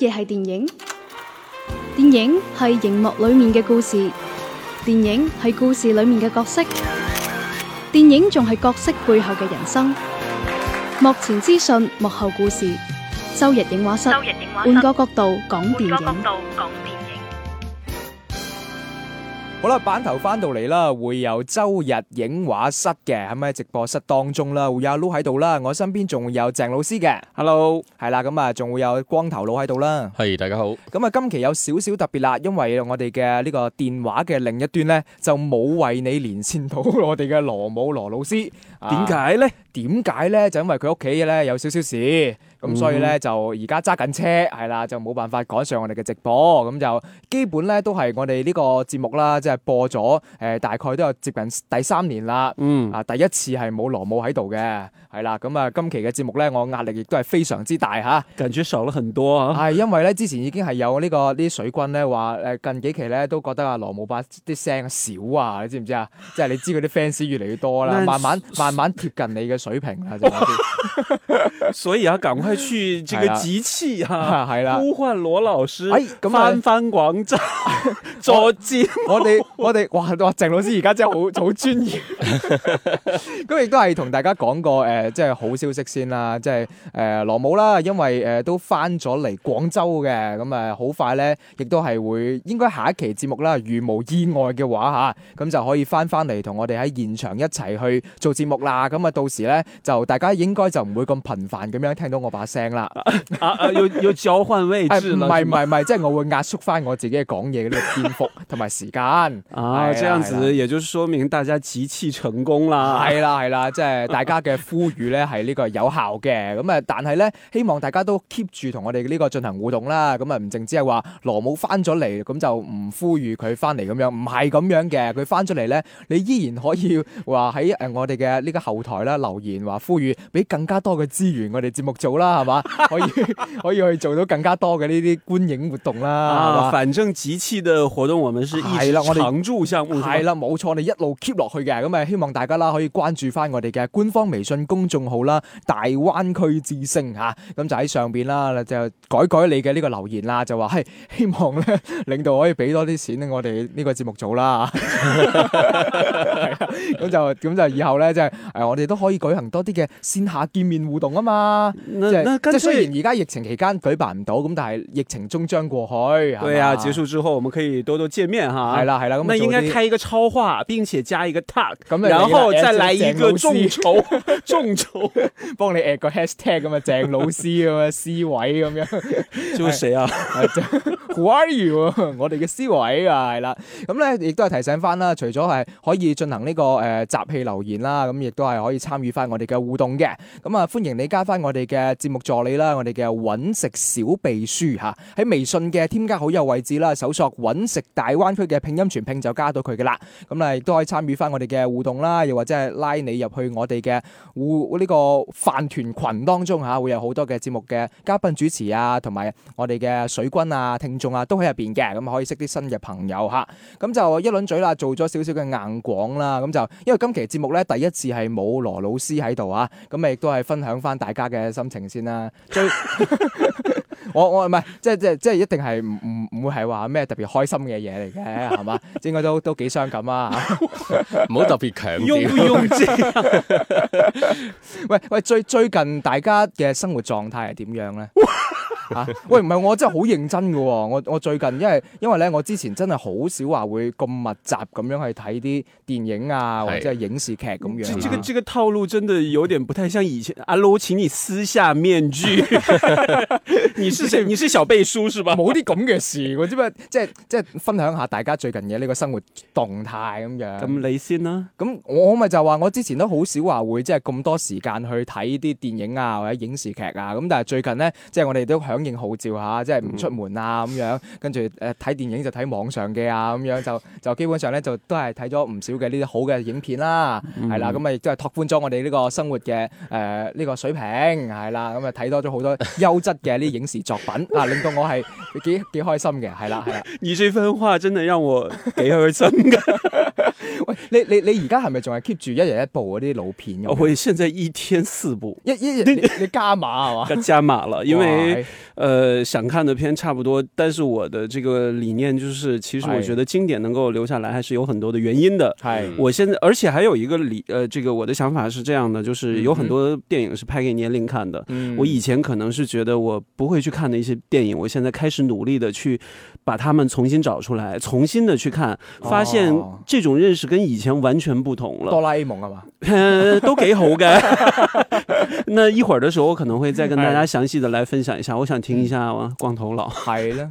嘢係電影，電影係熒幕裏面嘅故事，電影係故事裏面嘅角色，電影仲係角色背後嘅人生。幕前資訊，幕後故事。周日影畫室，換個角度講電影。好啦，版頭翻到嚟啦，會由周日影畫室嘅咁喺直播室當中啦，會有阿 Lulu 喺度啦，我身邊仲會有鄭老師嘅，Hello，係啦，咁啊仲會有光頭佬喺度啦，係、hey, 大家好，咁啊今期有少少特別啦，因為我哋嘅呢個電話嘅另一端呢，就冇為你連線到我哋嘅羅武羅老師。點解咧？點解咧？就因為佢屋企咧有少少事，咁所以咧、嗯、就而家揸緊車係啦，就冇辦法趕上我哋嘅直播，咁就基本咧都係我哋呢個節目啦，即係播咗誒，大概都有接近第三年啦。嗯，啊，第一次係冇羅武喺度嘅。係啦，咁啊，今期嘅節目咧，我壓力亦都係非常之大吓。近住守咗很多啊。係、哎、因為咧，之前已經係有、這個、呢個啲水軍咧，話誒、呃、近幾期咧都覺得阿羅姆巴啲聲少啊，你知唔知啊？即 係你知佢啲 fans 越嚟越多啦，慢慢慢慢貼近你嘅水平啦。 所以啊，趕快去這個集氣啊，係啦，呼喚羅老師，哎老師哎、翻翻廣州 節目，坐 正。我哋我哋哇鄭老師而家真係好好專業。咁 亦很尊嚴笑 都係同大家講過誒。呃即係好消息先啦，即係誒羅武啦，因為誒、呃、都翻咗嚟廣州嘅，咁啊好快咧，亦都係會應該下一期節目啦，如無意外嘅話吓，咁就可以翻翻嚟同我哋喺現場一齊去做節目啦。咁啊，到時咧就大家應該就唔會咁頻繁咁樣聽到我把聲啦。要要交換位置啦？唔係唔係唔係，即係我會壓縮翻我自己嘅講嘢嘅呢個篇幅同埋時間啊，啊，這樣子、啊、也就說明大家集氣成功啦。係啦係啦，即係、啊啊就是、大家嘅夫。語咧係呢個有效嘅，咁誒，但係咧希望大家都 keep 住同我哋呢個進行互動啦。咁啊，唔淨只係話羅武翻咗嚟，咁就唔呼籲佢翻嚟咁樣，樣的，唔係咁樣嘅。佢翻咗嚟咧，你依然可以話喺誒我哋嘅呢個後台啦留言，話呼籲俾更加多嘅資源我哋節目組啦，係嘛？ 可以可以去做到更加多嘅呢啲觀影活動啦、 啊。反正次次嘅活動我，我們是係啦，我哋恆住相互係啦，冇錯，你一路 keep 落去嘅。咁啊，希望大家啦可以關注翻我哋嘅官方微信公。公眾號啦，大灣區之聲吓，咁、啊、就喺上邊啦、啊，就改改你嘅呢個留言啦、啊，就話，嘿、哎，希望咧領導可以俾多啲錢我哋呢個節目組啦。咁 就咁就以後咧，即係誒，我哋都可以舉行多啲嘅綫下見面互動啊嘛。即係即係，雖然而家疫情期間舉辦唔到，咁但係疫情終將過去。對啊，結束之後我們可以多多見面吓。係啦係啦，咁啊應該開一個超話，並且加一個 tag，然後再來一個眾籌， 幫 你 at 個 hashtag 咁，啊，鄭老師，咁，啊 C 位咁樣，Who are you？ 我哋嘅 C 位啊，係啦。咁咧亦都係提醒翻啦，除咗係可以進行呢、這個誒、呃、集氣留言啦，咁、嗯、亦都係可以參與翻我哋嘅互動嘅。咁、嗯、啊，歡迎你加翻我哋嘅節目助理啦，我哋嘅揾食小秘書吓，喺微信嘅添加好友位置啦，搜索揾食大灣區嘅拼音全拼就加到佢噶啦。咁、嗯、啊，亦、嗯、都可以參與翻我哋嘅互動啦，又或者係拉你入去我哋嘅互。呢、這個飯團群當中嚇、啊，會有好多嘅節目嘅嘉賓主持啊，同埋我哋嘅水軍啊、聽眾啊，都喺入邊嘅，咁、嗯、可以識啲新嘅朋友吓、啊、咁、嗯、就一輪嘴啦，做咗少少嘅硬廣啦。咁、嗯、就因為今期節目咧，第一次係冇羅老師喺度啊，咁、嗯、亦都係分享翻大家嘅心情先啦。最。 我我唔係，即係即係即係一定係唔唔唔會係話咩特別開心嘅嘢嚟嘅，係嘛？ 應該都都幾傷感啊！唔 好 特別強啲。喂喂，最最近大家嘅生活狀態係點樣咧？ 吓、 啊、喂，唔係我真係好認真噶、哦，我我最近因為因為咧，我之前真係好少話會咁密集咁樣去睇啲電影啊或者係影視劇咁樣、啊。這這個這個套路真係有點不太像以前。阿盧，請你撕下面具，你是 你是小秘書是吧？冇啲咁嘅事，我知咪？即係即係分享一下大家最近嘅呢個生活動態咁樣。咁你先啦。咁我咪就話我之前都好少話會即係咁多時間去睇啲電影啊或者影視劇啊。咁但係最近咧，即係我哋都。響應號召吓，即係唔出門啊咁、嗯、樣，跟住誒睇電影就睇網上嘅啊咁樣，就就基本上咧就都係睇咗唔少嘅呢啲好嘅影片啦，係、嗯、啦，咁啊亦都係拓寬咗我哋呢個生活嘅誒呢個水平，係啦，咁啊睇多咗好多優質嘅呢啲影視作品 啊，令到我係幾 幾，幾開心嘅，係啦係啦。你呢番話真係讓我幾開心噶。 喂，你你你而家係咪仲係 keep 住一日一部嗰啲老片？我算現在一天四部，一一日你，你加碼係嘛？ 加加碼啦，因為。呃，想看的片差不多，但是我的這個理念就是，其實我覺得經典能夠留下來還是有很多的原因的。哎、我現在，而且還有一個理，呃，這個我的想法是這樣的，就是有很多電影是拍給年齡看的。嗯、我以前可能是覺得我不會去看的一些電影，嗯，我現在開始努力的去把它們重新找出來，重新的去看，發現這種認識跟以前完全不同了。哆啦 A 夢啊嘛， 都幾好嘅。 那一會兒的時候，我可能會再跟大家詳細的來分享一下。我想聽一下光頭佬。 係啦，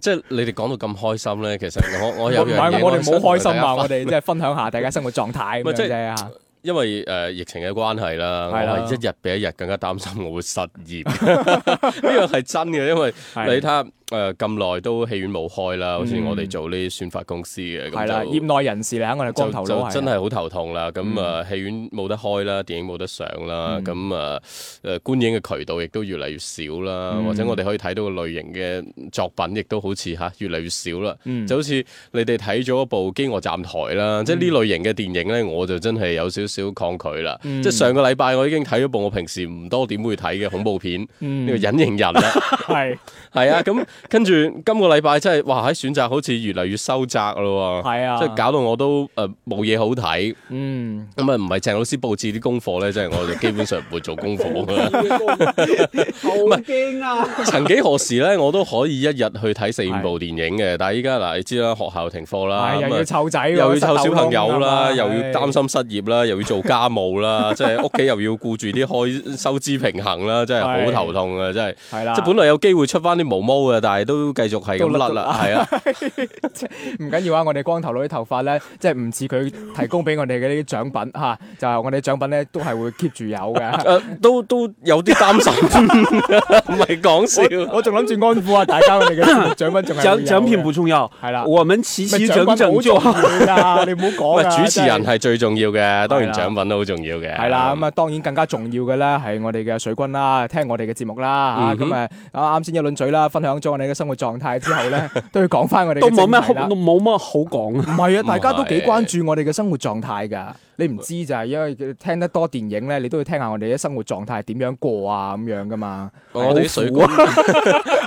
即係你哋講到咁開心咧，其實我我有唔 我哋好開心啊！我哋即係分享下大家生活狀態啊！ 即 因為誒、呃、疫情嘅關係啦，我一日比一日更加擔心我會失業，呢個係真嘅，因為你睇。誒、呃，咁耐都戲院冇開啦，好、嗯、似我哋做呢啲宣發公司嘅，係、嗯、啦，業內人士嚟，我哋光頭佬真係好頭痛啦。咁、嗯、啊，戲、嗯、院冇得開啦，電影冇得上啦，咁、嗯、啊，誒、呃，觀影嘅渠道亦都越嚟越少啦、嗯，或者我哋可以睇到嘅類型嘅作品，亦都好似吓、啊、越嚟越少啦、嗯。就好似你哋睇咗一部《飢餓站台》啦、嗯，即係呢類型嘅電影咧，我就真係有少少抗拒啦、嗯。即係上個禮拜我已經睇咗部我平時唔多點會睇嘅恐怖片，呢、嗯這個隱形人啦，係係啊，咁 是。 跟住今個禮拜真係哇喺選擇好似越嚟越收窄咯，係啊，即係搞到我都誒冇嘢好睇。嗯，咁啊唔係鄭老師布置啲功課咧，真 係我就基本上唔會做功課。唔 好驚啊！曾幾何時咧，我都可以一日去睇四五部電影嘅，但係依家嗱，你知啦，學校停課啦、嗯，又要湊仔、啊啊，又要湊小朋友啦，又要擔心失業啦，又要做家務啦，即係屋企又要顧住啲開收支平衡啦，真係好頭痛啊！真係即係本來有機會出翻啲毛毛嘅。但係都繼續係咁甩啦，啊 係啊！唔緊要啊，就是、我哋光頭佬啲頭髮咧，即係唔似佢提供俾我哋嘅呢啲獎品嚇，就係我哋獎品咧都係會 keep 住有嘅。都有、 呃、都，都有啲擔心，唔係講笑。我仲諗住安撫下大家 我哋嘅獎品有，獎獎品不重要，係啦，我們嘅獎品好重要 啊！你唔好講。主持人係最重要嘅， 當然獎品都好重要嘅。係啦，咁 啊當然更加重要嘅咧係我哋嘅水軍啦，聽我哋嘅節目啦咁啊，啱、嗯、先、啊、一輪嘴啦，分享咗。你嘅生活狀態之後咧， 都要講翻我哋都冇咩好，都冇乜好講，唔係啊，大家都幾關注我哋嘅生活狀態噶。你唔知就係因為聽得多電影咧，你都會聽下我哋啲生活狀態點樣過啊咁樣噶嘛？我哋啲水軍，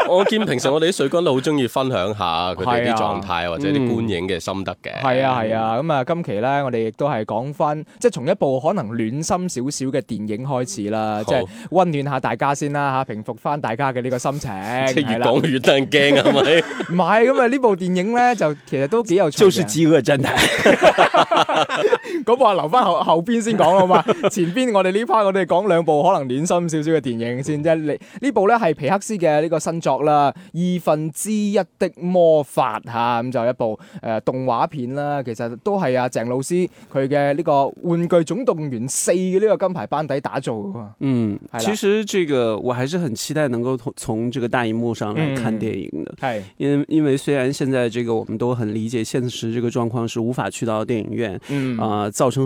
我見平時我哋啲水軍都好中意分享下佢哋啲狀態或者啲觀影嘅心得嘅。係啊係啊，咁啊今期咧我哋亦都係講翻，即係從一部可能暖心少少嘅電影開始啦，即係溫暖下大家先啦吓，平復翻大家嘅呢個心情。即係越講越得人驚啊，係咪？唔係咁啊？呢部電影咧就其實都幾有趣，就是飢餓真諦。咁話。留翻後後邊先講啦嘛，好 前邊我哋呢 part 我哋講兩部可能暖心少少嘅電影先啫。這部呢呢部咧係皮克斯嘅呢個新作啦，《二分之一的魔法》吓，咁、啊、就一部誒、呃、動畫片啦。其實都係阿鄭老師佢嘅呢個《玩具總動員四》嘅呢個金牌班底打造。嗯，其實這個我還是很期待能夠從這個大銀幕上來看電影的係、嗯，因為因為雖然現在這個我們都很理解現實，這個狀況是無法去到電影院，啊、嗯呃，造成。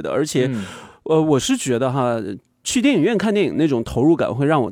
而且，嗯，呃，我是覺得哈，去電影院看電影那種投入感會讓我，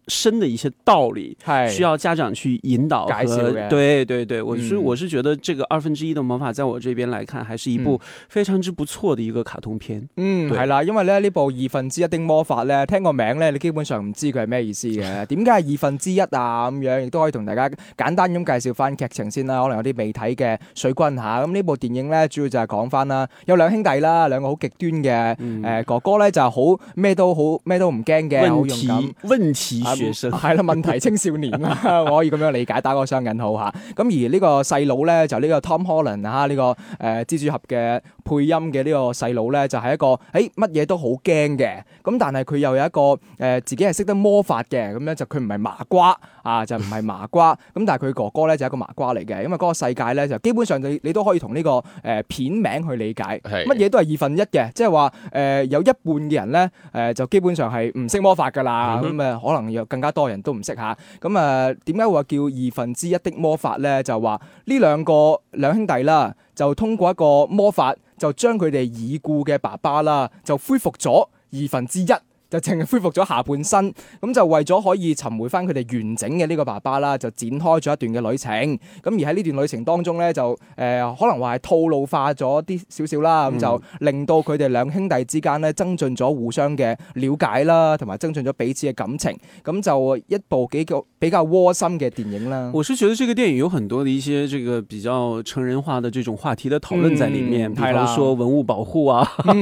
深的一些道理，需要家長去引導。解釋。對對對，我係、嗯、我是覺得，這個二分之一的魔法，在我這邊來看，還是一部非常之不錯的一個卡通片。嗯，係啦，因為咧呢這部二分之一的魔法咧，聽個名咧，你基本上唔知佢係咩意思嘅。點解係二分之一啊？咁樣亦都可以同大家簡單咁介紹翻劇情先啦。可能有啲未睇嘅水軍吓，咁、啊、呢部電影咧，主要就係講翻啦，有兩兄弟啦，兩個好極端嘅誒、嗯呃，哥哥咧就好咩都好咩都唔驚嘅，好勇係 啦、啊，問題青少年啦， 我可以咁樣理解，打個雙引號吓。咁而呢個細佬咧，就呢個 Tom Holland 呢個誒蜘蛛俠嘅配音嘅呢個細佬咧，就係、是、一個誒乜嘢都好驚嘅。咁但係佢又有一個誒，自己係識得魔法嘅。咁咧，就佢唔係麻瓜啊，就唔係麻瓜咁。但係佢哥哥咧就係一個麻瓜嚟嘅，因為嗰個世界咧就基本上你你都可以同呢個誒片名去理解，乜嘢都係二分一嘅，即係話誒有一半嘅人咧誒就基本上係唔識魔法噶啦，咁 啊可能有更加多人都唔識吓咁啊。點解會話叫二分之一的魔法咧？就話呢兩個兩兄弟啦，就通過一個魔法就將佢哋已故嘅爸爸啦就恢復咗。二分之一。就淨係恢復咗下半身，咁就為咗可以尋回翻佢哋完整嘅呢個爸爸啦，就展開咗一段嘅旅程。咁而喺呢段旅程當中咧，就誒、呃、可能話係套路化咗啲少少啦，咁、嗯、就令到佢哋兩兄弟之間咧增進咗互相嘅了解啦，同埋增進咗彼此嘅感情。咁就一部幾個比較窩心嘅電影啦。我是覺得呢個電影有很多嘅一些這個比較成人化的這種話題的討論在裡面，譬、嗯、如說文物保護啊。嗯、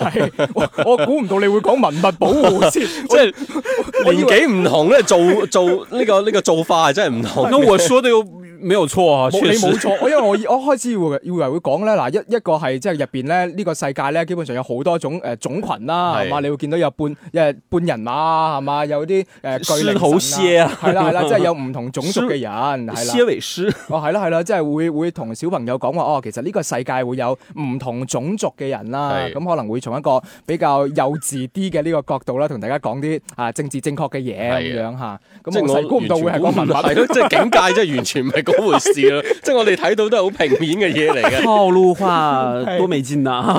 我估唔到你會講文物。保護先，即係 真的 年紀唔同咧， 做做呢個呢個做法係真係唔同。 no, 沒有錯啊，冇你冇錯，因為我 我開始會以為會講咧，嗱一一個係即係入邊咧呢、呢個世界咧，基本上有好多種誒、呃、種群啦、啊，係嘛，你會見到有半誒半人馬、啊，係嘛，有啲誒、呃、巨好啊，係啦係啦，即係有唔同種族嘅人，蠍尾獅，哦係啦係啦，即係會會同小朋友講話，哦其實呢個世界會有唔同種族嘅人啦，咁、嗯、可能會從一個比較幼稚啲嘅呢個角度啦同大家講啲啊政治正確嘅嘢，咁樣吓，咁係估唔到會係個文化咯，即係 境界即係完全唔係 嗰 回事咯，即係我哋睇到都係好平面嘅嘢嚟嘅。套路化都未見啊！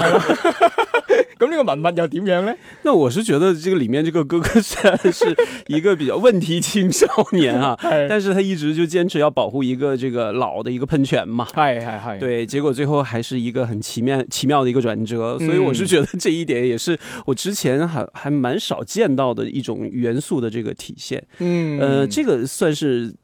咁 呢個文物又點樣呢？那我是覺得，這個裏面這個哥哥算是一個比較問題青少年啊， 但是他一直就堅持要保護一個這個老的一個噴泉嘛。係係係。對，結果最後還是一個很奇妙奇妙的一個轉折，所以我是覺得這一點也是我之前還還蠻少見到的一種元素的這個體現。嗯，呃，這個算是。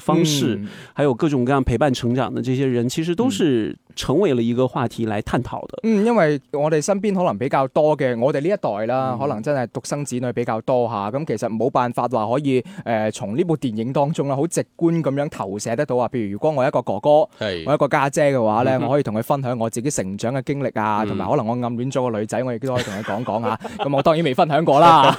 方式，嗯，還有各種各樣陪伴成長的這些人，其實都是，嗯成為了一個話題嚟探討嘅。嗯，因為我哋身邊可能比較多嘅，我哋呢一代啦，嗯、可能真係獨生子女比較多吓。咁其實冇辦法話可以誒、呃，從呢部電影當中啦，好直觀咁樣投射得到話，譬如如果我一個哥哥，我一個家姐嘅話咧、嗯，我可以同佢分享我自己成長嘅經歷啊，同、嗯、埋可能我暗戀咗個女仔，我亦都可以同佢講講吓。咁 我當然未分享過啦，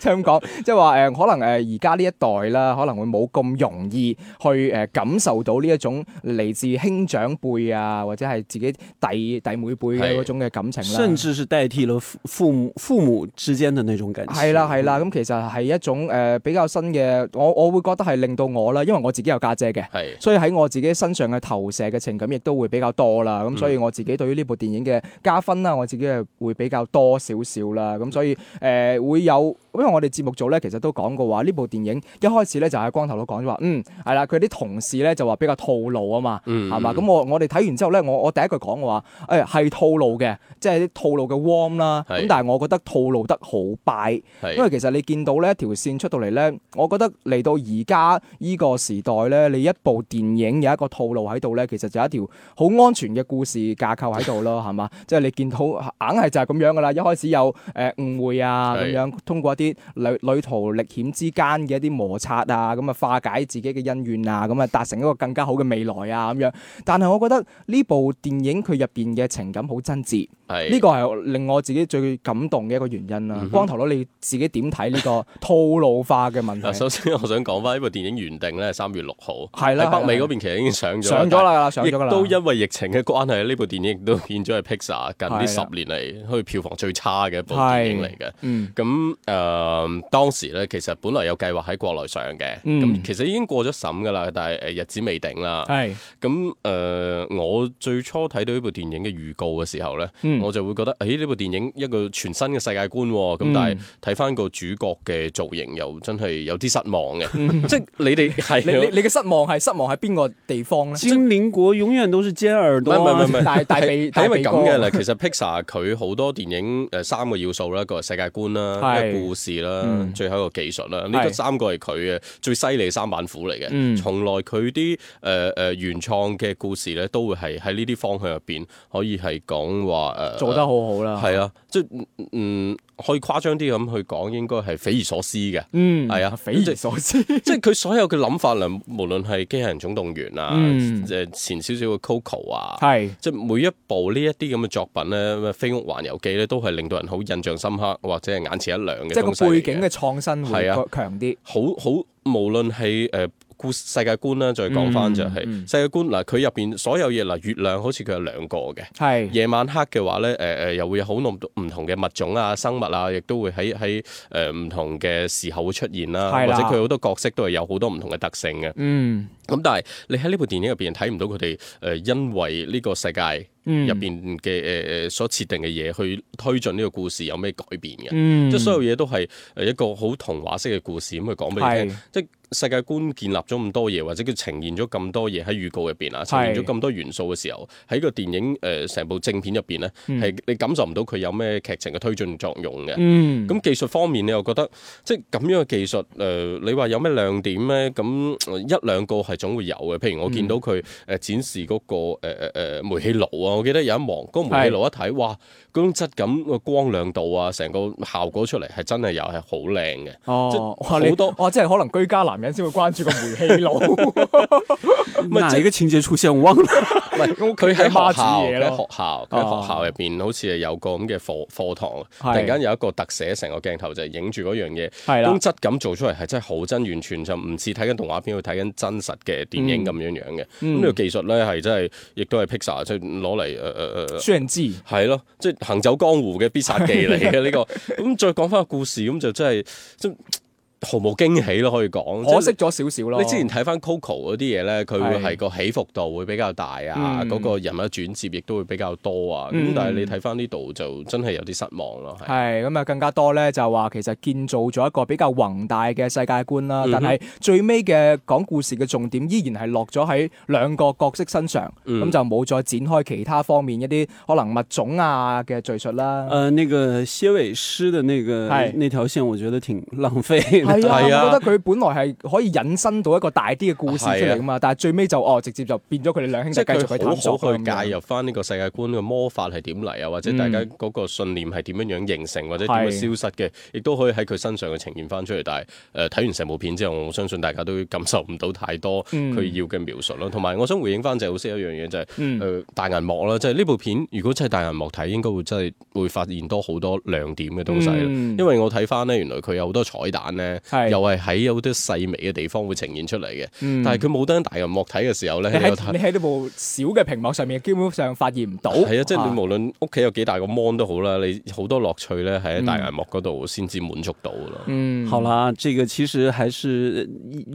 即係咁講，即係話誒，可能誒而家呢一代啦，可能會冇咁容易去誒感受到呢一種嚟自兄長輩啊。啊，或者係自己弟弟妹輩嘅嗰種嘅感情啦，甚至是代替了父父母父母之間的那種感情。係啦係啦，咁其實係一種誒、呃、比較新嘅，我我會覺得係令到我啦，因為我自己有家姐嘅，係，所以喺我自己身上嘅投射嘅情感亦都會比較多啦，咁所以我自己對於呢部電影嘅加分啦、嗯，我自己係會比較多少少啦，咁所以誒、呃、會有，因為我哋節目組咧，其實都講過話呢部電影一開始咧就喺、是、光頭佬講咗話，嗯係啦，佢啲同事咧就話比較套路啊嘛，係、嗯、嘛、嗯，咁我我哋睇完之後。我我第一句講嘅話，誒係套路嘅，即係啲套路嘅 warm 啦。咁但係我覺得套路得好敗，因為其實你見到呢一條線出到嚟咧，我覺得嚟到而家依個時代咧，你一部電影有一個套路喺度咧，其實就一條好安全嘅故事架構喺度咯，係 嘛？即係你見到硬係就係咁樣噶啦，一開始有誒誤會啊咁樣，通過一啲旅旅途歷險之間嘅一啲摩擦啊，咁啊化解自己嘅恩怨啊，咁啊達成一個更加好嘅未來啊咁樣。但係我覺得呢部電影佢入邊嘅情感好真摯。係呢個係令我自己最感動嘅一個原因啦、嗯。光頭佬，你自己點睇呢個套路化嘅問題？ 首先，我想講翻呢部電影原定咧係三月六號，喺北美嗰邊其實已經上咗，上咗啦，上咗啦。亦都因為疫情嘅關係，呢部電影亦都變咗係 Pixar 近呢十年嚟，去票房最差嘅一部電影嚟嘅。嗯，咁誒、呃，當時咧其實本來有計劃喺國內上嘅，咁、嗯嗯、其實已經過咗審噶啦，但係誒日子未定啦。係咁誒，我最初睇到呢部電影嘅預告嘅時候咧，嗯我就會覺得，誒、哎、呢部電影一個全新嘅世、哦嗯嗯 啊、世界觀，咁但係睇翻個主角嘅造型又真係有啲失望嘅，即係你哋係你你嘅失望係失望喺邊個地方咧？煎餅果永遠都是尖耳朵啊，大大鼻，因為咁嘅啦。其實 Pixar 佢好多電影誒三個要素咧，一個世界觀啦，一個故事啦、嗯，最後一個技術啦，呢三個係佢嘅最犀利三板斧嚟嘅。從、嗯、來佢啲誒誒原創嘅故事咧，都會係喺呢啲方向入邊可以係講話做得好好啦，係、呃、啊，即、嗯、係嗯，可以誇張啲咁去講，應該係匪夷所思嘅，嗯，係啊，匪夷所思，即係佢所有嘅諗法，量，無論係《機械人總動員》啊、嗯，誒前少少嘅 Coco 啊，係，即係每一部呢一啲咁嘅作品咧，《飛屋環遊記》咧，都係令到人好印象深刻，或者係眼前一亮嘅，即係個背景嘅創新係啊，強啲，好好，無論係誒。呃世界觀啦，再係講翻就係、是嗯嗯、世界觀嗱，佢入邊所有嘢嗱，月亮好似佢有兩個嘅，夜晚黑嘅話咧、呃，又會有好多唔同嘅物種啊、生物啊，亦都會喺喺唔同嘅時候會出現啦，或者佢好多角色都係有好多唔同嘅特性嘅。嗯，咁但係你喺呢部電影入邊睇唔到佢哋因為呢個世界。入邊嘅誒誒所設定嘅嘢，去推進呢個故事有咩改變嘅、嗯？即係所有嘢都係誒一個好童話式嘅故事咁去講俾你聽，即係世界觀建立咗咁多嘢，或者佢呈現咗咁多嘢喺預告入邊啊，呈現咗咁多元素嘅時候，喺個電影誒成、呃、部正片入邊咧，係、嗯、你感受唔到佢有咩劇情嘅推進作用嘅。咁、嗯、技術方面，你又覺得即係咁樣嘅技術誒、呃、你話有咩亮點咧？咁一兩個係總會有嘅。譬如我見到佢誒展示嗰、個誒誒誒煤氣爐啊。我記得有一幕、嗰個煤氣爐一睇，哇！嗰、那、種、個、質感個光亮度啊，成個效果出嚟係真係又係好靚嘅。哦，好多哦，即係可能居家男人先會關注個煤氣爐。咪自己嘅情節出現，我 屈。唔係，佢喺學校，喺學校，喺學校入邊好似有個咁嘅課,、哦、課堂。突然間有一個特寫，成個鏡頭就係影住嗰樣嘢。係啦，那個、質感做出嚟係真係好真，完全就唔似睇緊動畫片，去睇緊真實嘅電影咁樣樣嘅。咁、嗯、呢、那個技術咧係真係，亦都係 Pixar 即係攞嚟。係誒誒誒，炫技係、呃、咯，即、呃、係、就是、行走江湖嘅必殺技嚟嘅呢個。咁 再講翻個故事，咁就、就是、真係即。毫無驚喜咯，可以講可惜咗少少咯。你之前睇翻 Coco 嗰啲嘢咧，佢會係個起伏度會比較大啊，嗰、嗯、個人物轉折亦都會比較多啊。咁、嗯、但係你睇翻呢度就真係有啲失望咯。係咁啊，更加多咧就話其實建造咗一個比較宏大嘅世界觀啦、嗯，但係最尾嘅講故事嘅重點依然係落咗喺兩個角色身上，咁、嗯、就冇再展開其他方面一啲可能物種啊嘅敍述啦。誒、呃，那個蠍尾獅嘅那個係那條線，我覺得挺浪費。係啊，啊，我覺得佢本來係可以引申到一個大啲嘅故事出嚟噶嘛，是啊、但係最尾就哦，直接就變咗佢哋兩兄弟繼續去探索好可以介入翻呢個世界觀嘅魔法係點嚟啊，或者大家嗰個信念係點樣樣形成，嗯、或者點樣消失嘅，亦都可以喺佢身上嘅呈現翻出嚟。但係誒睇完成部片之後，我相信大家都感受唔到太多佢要嘅描述咯。同、嗯、埋我想回應翻鄭浩西一樣嘢，就係、是、誒、呃嗯、大銀幕啦，即係呢部片如果真係大銀幕睇，應該會真係會發現多好多亮點嘅東西、嗯。因為我睇翻呢，原來佢有好多彩蛋呢。又係喺有啲細微嘅地方會呈現出嚟嘅、嗯，但係佢冇得喺大銀幕睇嘅時候咧，你喺呢部小嘅屏幕上面，基本上發現唔到。係、哦、啊，即係你無論屋企有幾大個芒都好啦，你好多樂趣咧喺大銀幕嗰度先至滿足到咯、嗯。嗯，好啦，呢、這個其實還是，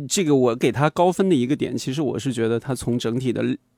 這個我給佢高分嘅一個點，其實我是覺得佢從整體的。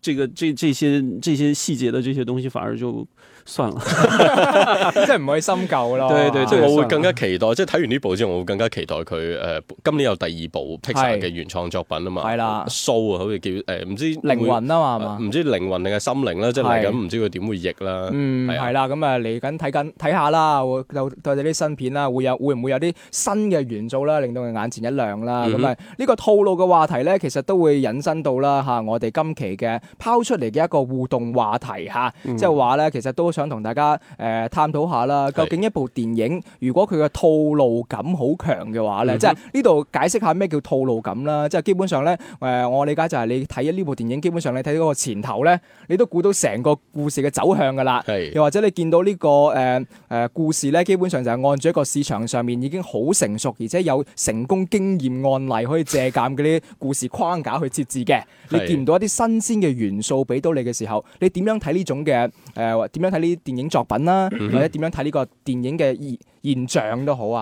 這個這這些這些細節的這些東西反而就。算了 即係唔可以深究咯。對對，對，對，即係我會更加期待，即係睇完呢部之後，我會更加期待佢誒、呃、今年有第二部《Pixar》嘅原創作品啊嘛。係啦，show 啊，呃、so, 好似叫誒唔、呃、知靈魂啊嘛，唔、呃、知靈魂定係心靈啦？即係嚟緊唔知佢點會譯啦。嗯，係啦，咁啊嚟緊睇緊睇下啦，會有睇啲新片啦，會有會唔會有啲新嘅元素啦，令到佢眼前一亮啦。咁、嗯、啊，呢、呢個套路嘅話題咧，其實都會引申到啦嚇，我哋今期嘅拋出嚟嘅一個互動話題嚇，即係話咧，就是、其實都。想同大家誒探討下啦，究竟一部電影如果佢嘅套路感好強嘅話咧、嗯，即係呢度解釋下咩叫套路感啦。即係基本上咧誒，我理解就係你睇呢部電影，基本上你睇到個前頭咧，你都估到成個故事嘅走向噶啦。又或者你見到呢、呢個誒誒、呃呃、故事咧，基本上就係按住一個市場上面已經好成熟，而且有成功經驗案例可以借鑑嗰啲故事框架去設置嘅。你見唔到一啲新鮮嘅元素俾到你嘅時候，你點樣睇呢種嘅？誒或點樣睇呢啲電影作品啦、啊，mm-hmm. 或者點樣睇呢個電影嘅意現象都好啊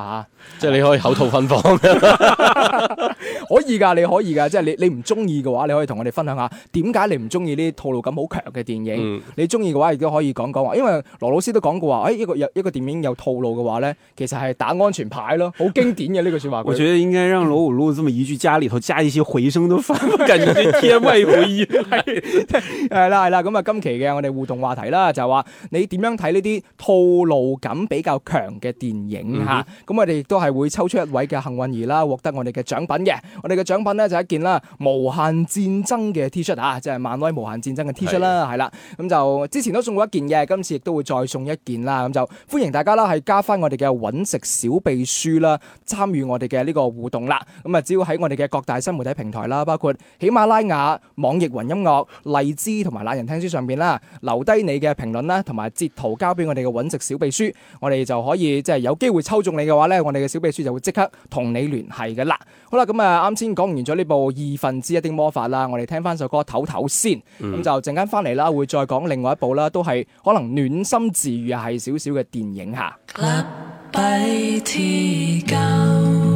嚇， 即係你可以口吐芬芳， 可以㗎，你可以㗎，即、就、係、是、你你唔中意嘅話，你可以同我哋分享一下點解你唔中意呢套路感好強嘅電影。嗯、你中意嘅話，亦都可以講講話。因為羅老師都講過話，誒、哎、一個有一個電影有套路嘅話咧，其實係打安全牌咯，好經典嘅呢、這個説話。 我覺得應該讓羅武錄，這麼一句，家裡頭加一些回聲都翻， 感覺啲天外回音。係係啦係啦，咁啊、嗯，今期嘅我哋互動話題啦，就係、是、話你點樣睇呢啲套路感比較強嘅電影嚇，咁、 嗯、我哋亦都係會抽出一位嘅幸運兒啦，獲得我哋嘅獎品嘅。我哋嘅獎品呢，就一件啦，無限戰爭嘅 T-shirt 啊，即係漫威無限戰爭嘅 T-shirt 啦，係啦。咁就之前都送過一件嘅，今次亦都會再送一件啦。咁就歡迎大家啦，係加翻我哋嘅揾食小秘書啦，參與我哋嘅呢個互動啦。咁啊，只要喺我哋嘅各大新媒體平台啦，包括喜馬拉雅、網易雲音樂、荔枝同埋懶人聽書上面啦，留低你嘅評論啦，同埋截圖交俾我哋嘅揾食小秘書，我哋就可以即係有機會抽中你嘅話呢，我哋嘅小秘書就會即刻同你聯繫㗎啦。好啦，咁啊啱先講完咗呢部二分之一的魔法啦，我哋聽翻首歌唞唞先。咁就陣間翻嚟啦，會再講另外一部啦，都係可能暖心治愈係少少嘅電影嚇。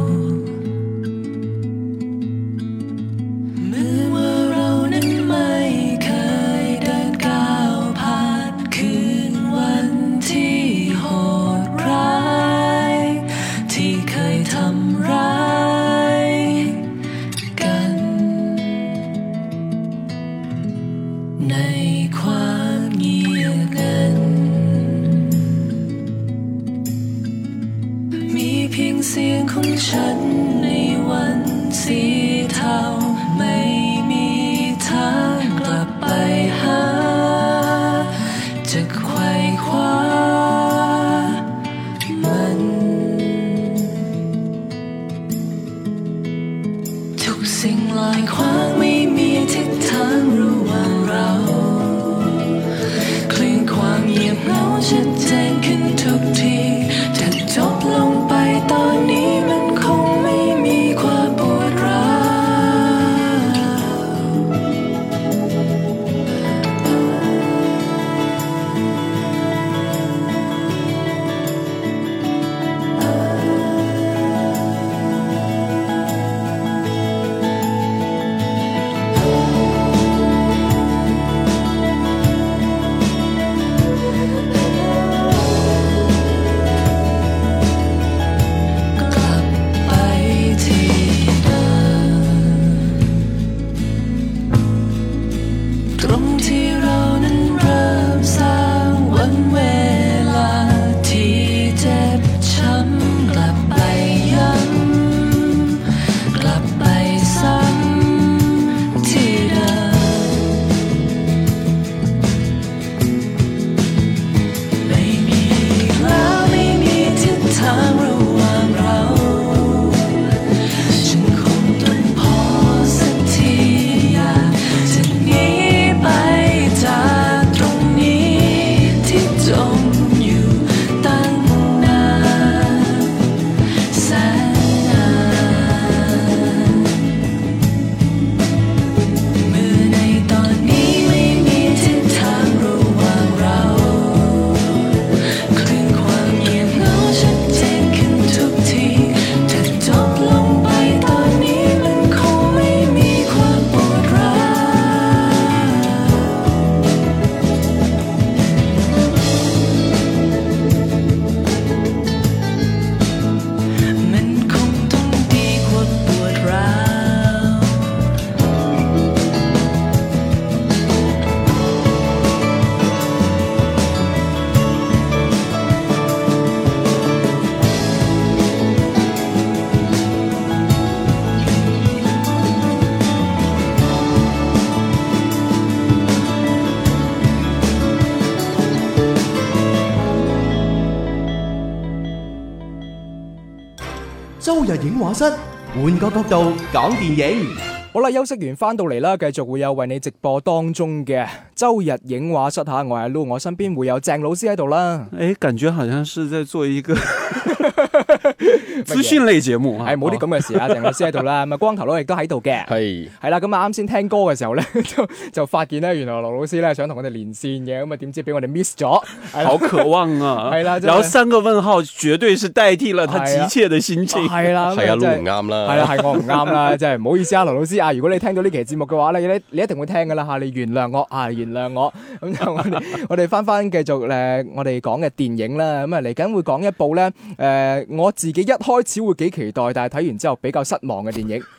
周日影畫室，換個角度講電影。好啦，休息完翻到嚟啦，繼續會有為你直播當中嘅。周日影畫室下，我係路。我身邊會有鄭老師喺度啦。誒、欸，感覺好像是在做一個資訊 類節目，係冇啲咁嘅事啊！鄭 老師喺度啦，咪光頭佬亦都喺度嘅。係係啦，咁啊啱先聽歌嘅時候咧， 就就發現咧，原來羅老師咧想同我哋連線嘅，咁啊點知俾我哋 miss 咗？好渴望啊！係 啦， 有三個問號，絕對是代替了他急切的心情。係啦，係啊，露唔啱啦，係、啊、啦，係、啊、我唔啱啦，真係唔好意思啊，羅老師啊，如果你聽到呢期節目嘅話咧，你你一定會聽噶啦吓，你原諒我啊。原諒我，咁就我哋我哋翻翻繼續、呃、我哋講嘅電影啦，咁啊嚟緊會講一部咧，誒、呃、我自己一開始會幾期待，但係睇完之後比較失望嘅電影。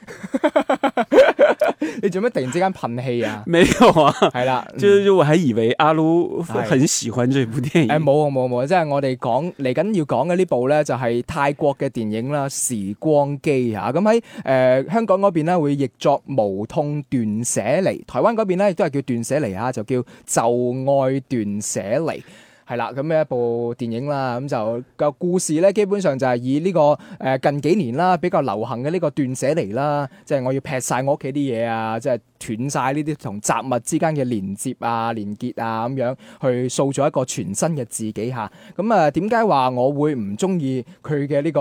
你做咩突然之間噴氣啊？咩啊？係啦，即係會喺以為。阿 lu 很喜歡呢部電影。誒、嗯，冇冇冇，即係我哋講嚟緊要講嘅呢部咧，就係、是、泰國嘅電影啦，《時光機》啊。咁喺誒香港嗰邊咧會譯作《無痛斷捨離》，台灣嗰邊咧亦都係叫斷捨離《斷捨離》啊。就叫就愛斷捨離，係啦，咁呢一部電影啦，咁就、個故事咧，基本上就係以呢、呢個誒、呃、近幾年啦，比較流行嘅呢個斷捨離啦，即、就、係、係、我要劈晒我屋企啲嘢啊，即係斷晒呢啲同雜物之間嘅連接啊、連結啊，咁樣去塑造一個全新嘅自己吓。咁啊，點解話我會唔中意佢嘅呢個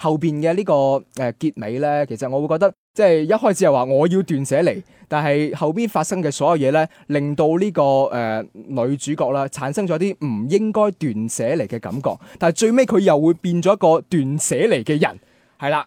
後邊嘅呢個誒、呃、結尾咧？其實我會覺得。即係一開始又話我要斷捨離，但係後邊發生嘅所有嘢咧，令到呢個誒女主角啦產生咗啲唔應該斷捨離嘅感覺，但係最尾佢又會變咗一個斷捨離嘅人，係啦。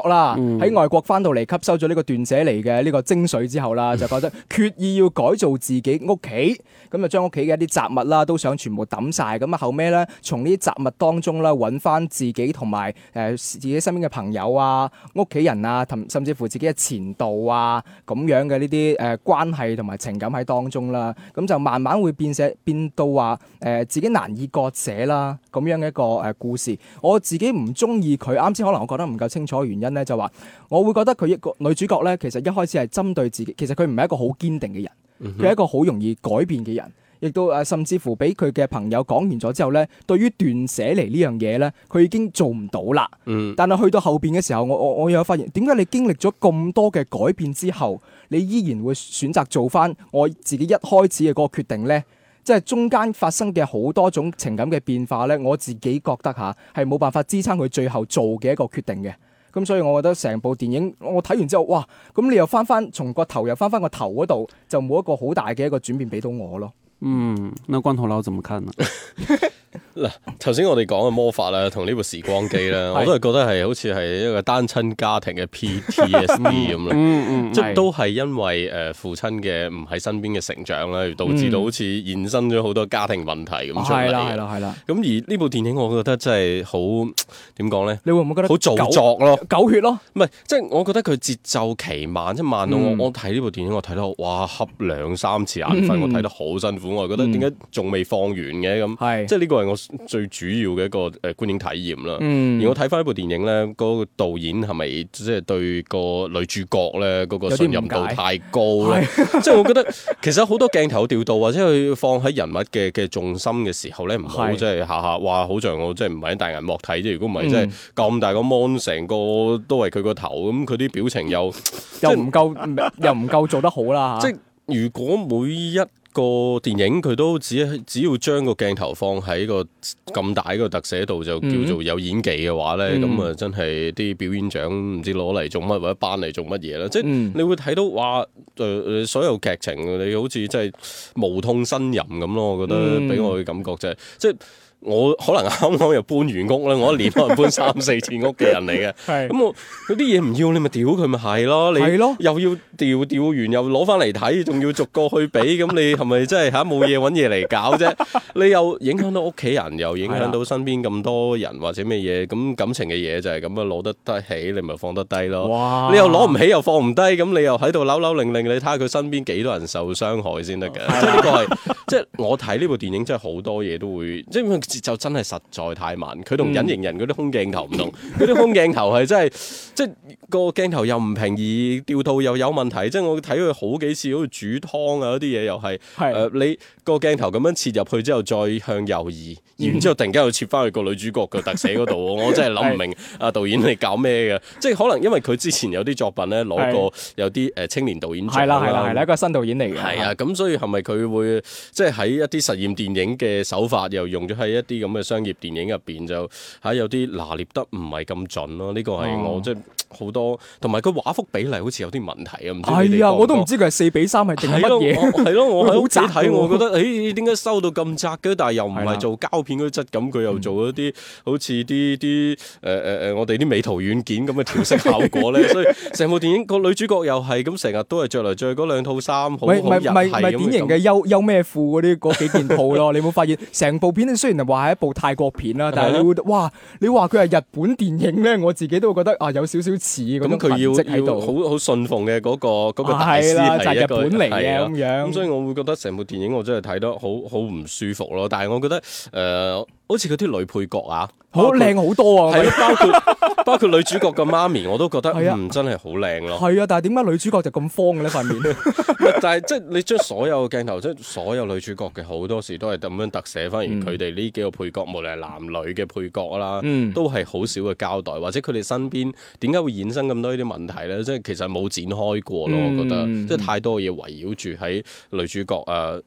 啦、嗯，喺外國翻到嚟，吸收咗呢個斷捨離嘅呢個精髓之後啦，就覺得決意要改造自己屋企，咁就將屋企嘅一啲雜物啦，都想全部抌晒。咁啊後尾咧，從呢啲雜物當中咧，揾翻自己同埋誒自己身邊嘅朋友啊、屋企人啊，甚至乎自己嘅前度啊，咁樣嘅呢啲誒關係同埋情感喺當中啦，咁就慢慢會變成變到話誒自己難以割捨啦，咁樣嘅一個誒故事。我自己唔中意佢，啱先可能我覺得唔夠清楚原因。咧就話我會覺得佢一個女主角咧，其實一開始係針對自己，其實佢唔係一個好堅定嘅人，佢係一個好容易改變嘅人，亦都誒，甚至乎俾佢嘅朋友講完咗之後咧，對於斷捨離呢樣嘢咧，佢已經做唔到啦。但係去到後邊嘅時候，我我我有發現，點解你經歷咗咁多嘅改變之後，你依然會選擇做翻我自己一開始嘅嗰個決定呢？即係中間發生嘅好多種情感嘅變化咧，我自己覺得吓係冇辦法支撐佢最後做嘅一個決定嘅。咁所以，我覺得成部電影，我睇完之後，哇！咁你又翻翻從個頭，又翻翻個頭嗰度，就冇一個好大嘅一個轉變俾到我咯。嗯，那光頭佬怎麼看呢？ 嗱，頭先我哋講嘅魔法啦，同呢部時光機啦， 我都係覺得係好似係一個單親家庭嘅 PTSD 咁啦，即係都係因為誒、呃、父親嘅唔喺身邊嘅成長啦，導致到好似衍生咗好多家庭問題咁出嚟。係啦係啦係啦。咁而呢部電影，我覺得真係好點講咧？你會唔會覺得好做作咯？狗血咯？唔係，即係我覺得佢節奏奇慢，即係慢到我、嗯、我睇呢部電影，我睇到哇，合兩三次眼瞓、嗯，我睇得好辛苦，我覺得點解仲未放完嘅咁？即係呢、呢個係我。最主要嘅一個誒觀影體驗啦、嗯，而我睇翻呢部電影咧，嗰、嗰個導演係咪即係對個女主角咧嗰個信任度太高咧？即係我覺得 其實好多鏡頭調度或者佢放喺人物嘅嘅重心嘅時候咧唔好，即係、就是、下下話好像我即係唔係喺大銀、就是嗯、幕睇啫。如果唔係，即係咁大個 mon 成個都係佢個頭，咁佢啲表情又又唔夠，又唔夠做得好啦，即係如果每一。個電影佢都只只要將個鏡頭放喺個咁大個特寫度，就叫做有演技嘅話咧，咁、嗯、啊真係啲表演獎唔知攞嚟做乜或者頒嚟做乜嘢啦。即係你會睇到話誒、呃，所有劇情你好似真係無痛呻吟咁咯。我覺得俾我嘅感覺啫、就係嗯，即係。我可能啱啱又搬完屋啦，我一年可能搬三四次屋嘅人嚟嘅。咁 我啲嘢唔要你咪屌佢咪係咯，你係咯又要掉掉完又攞翻嚟睇，仲要逐個去畀，咁 你係咪真係吓冇嘢揾嘢嚟搞啫？你又影響到屋企人，又影響到身邊咁多人或者咩嘢，咁感情嘅嘢就係咁樣，攞得得起你咪放得低咯。哇你又攞唔起又放唔低，咁你又喺度扭扭令令，你睇下佢身邊幾多人受傷害先得㗎。即係呢個係即係我睇呢部電影，真係好多嘢都會即節奏真係實在太慢，佢同隱形人嗰啲空鏡頭唔同，嗰、嗯、啲 空鏡頭係真係即係個鏡頭又唔平易，調度又有問題。即係我睇佢好幾次，好似煮湯啊嗰啲嘢又係你個鏡頭咁樣切入去之後，再向右移，然之後突然間又切翻去個女主角個特寫嗰度， 我真係諗唔明阿導演你搞咩嘅？ 是的 即係可能因為佢之前有啲作品呢攞過有啲青年導演獎，係啦係啦係一個新導演嚟嘅，係啊咁，所以係咪佢會即係喺一啲實驗電影嘅手法又用咗喺一啲咁嘅商業電影入邊就喺有啲拿捏得唔係咁準咯，呢個係我即係好多，同埋個畫幅比例好似有啲問題咁。係啊、哎，我都唔知佢係四比三係定乜嘢？係咯，我喺屋企睇，我覺得誒點解收到咁窄嘅？但係又唔係做膠片嗰啲質感，佢又做咗啲好似啲啲誒誒誒我哋啲美圖軟件咁嘅調色效果咧。 所以成部電影個女主角又係咁成日都係着嚟着去嗰兩套衫，好，唔係唔係唔係典型嘅優優咩褲嗰啲嗰幾件套咯。 你冇發現成部片雖然是沒有話係一部泰國片啦，但係你會哇，你話佢係日本電影咧，我自己都會覺得啊，有少少似咁佢要喺度，好好信奉嘅嗰、那個嗰、那個大師係日本嚟嘅咁樣，所以我會覺得成部電影我真係睇得好好唔舒服咯。但係我覺得誒。呃好似嗰啲女配角啊，好靚好多啊！係咯， 包括包括女主角嘅媽咪，我都覺得、啊、嗯真係好靚咯。係啊，但係點解女主角就咁慌嘅呢？塊 面？ 但係即係你將所有鏡頭即係所有女主角嘅好多時都係咁樣特寫，反而佢哋呢幾個配角，嗯、無論係男女嘅配角啦、嗯，都係好少嘅交代，或者佢哋身邊點解會衍生咁多呢啲問題咧？即、就、係、是、其實冇展開過咯、嗯，我覺得即係、就是、太多嘢圍繞住喺女主角誒、呃、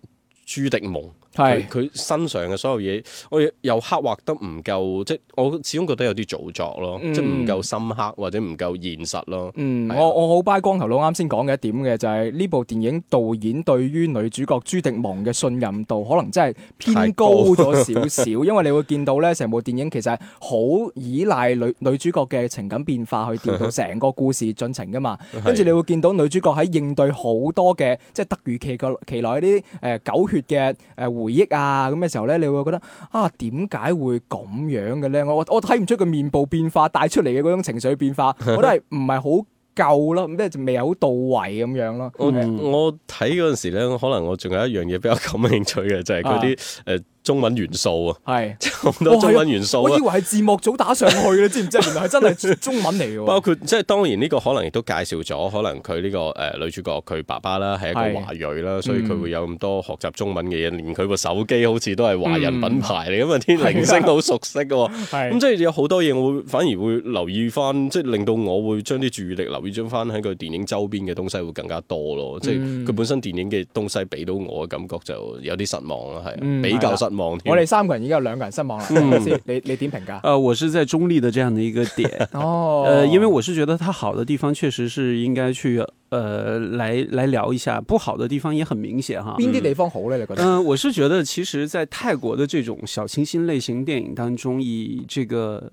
朱迪夢。係佢身上嘅所有嘢，我又刻畫得唔夠，即係我始終覺得有啲做作咯，即係唔夠深刻或者唔夠現實咯。嗯，嗯啊、我我好 buy 光頭佬啱先講嘅一點嘅就係、是、呢部電影導演對於女主角朱迪蒙嘅信任度可能真係偏高咗少少， 因為你會見到咧成部電影其實好依賴女女主角嘅情感變化去調到成個故事進程噶嘛，跟 住你會見到女主角喺應對好多嘅即係得於其個其內啲誒、呃、狗血嘅誒。呃回憶啊咁嘅時候咧，你會覺得啊，點解會咁樣嘅咧？我我睇唔出佢面部變化帶出嚟嘅嗰種情緒變化，我都係唔係好夠咯，即係未好到位咁樣咯。我睇嗰陣時咧，可能我仲有一樣嘢比較感興趣嘅，就係嗰啲誒。啊呃中文元素啊，係咁多中文元素，哦是啊、我以為係字幕組打上去你 知唔知？原來係真係中文嚟嘅。包括即係當然呢個可能亦都介紹咗，可能佢呢、這個誒、呃、女主角佢爸爸啦係一個華裔啦，所以佢會有咁多學習中文嘅嘢、嗯。連佢個手機好似都係華人品牌嚟嘅嘛，啲、嗯、零星好熟悉嘅喎。咁、啊、即係有好多嘢，我會反而會留意翻，即係令到我會將啲注意力留意轉翻喺佢電影周邊嘅東西，會更加多咯、嗯。即係佢本身電影嘅東西俾到我嘅感覺就有啲失望啦，係、嗯啊、比較失。我哋三個人而家有兩個人失望啦，先、嗯？你你點評價？呃，我是在中立的這樣的一個點。哦， 呃，因為我是覺得它好的地方，確實是應該去，呃，來來聊一下。不好的地方也很明顯哈。邊啲地方好呢？你覺得？嗯、呃，我是覺得其實在泰國的這種小清新類型電影當中，以這個。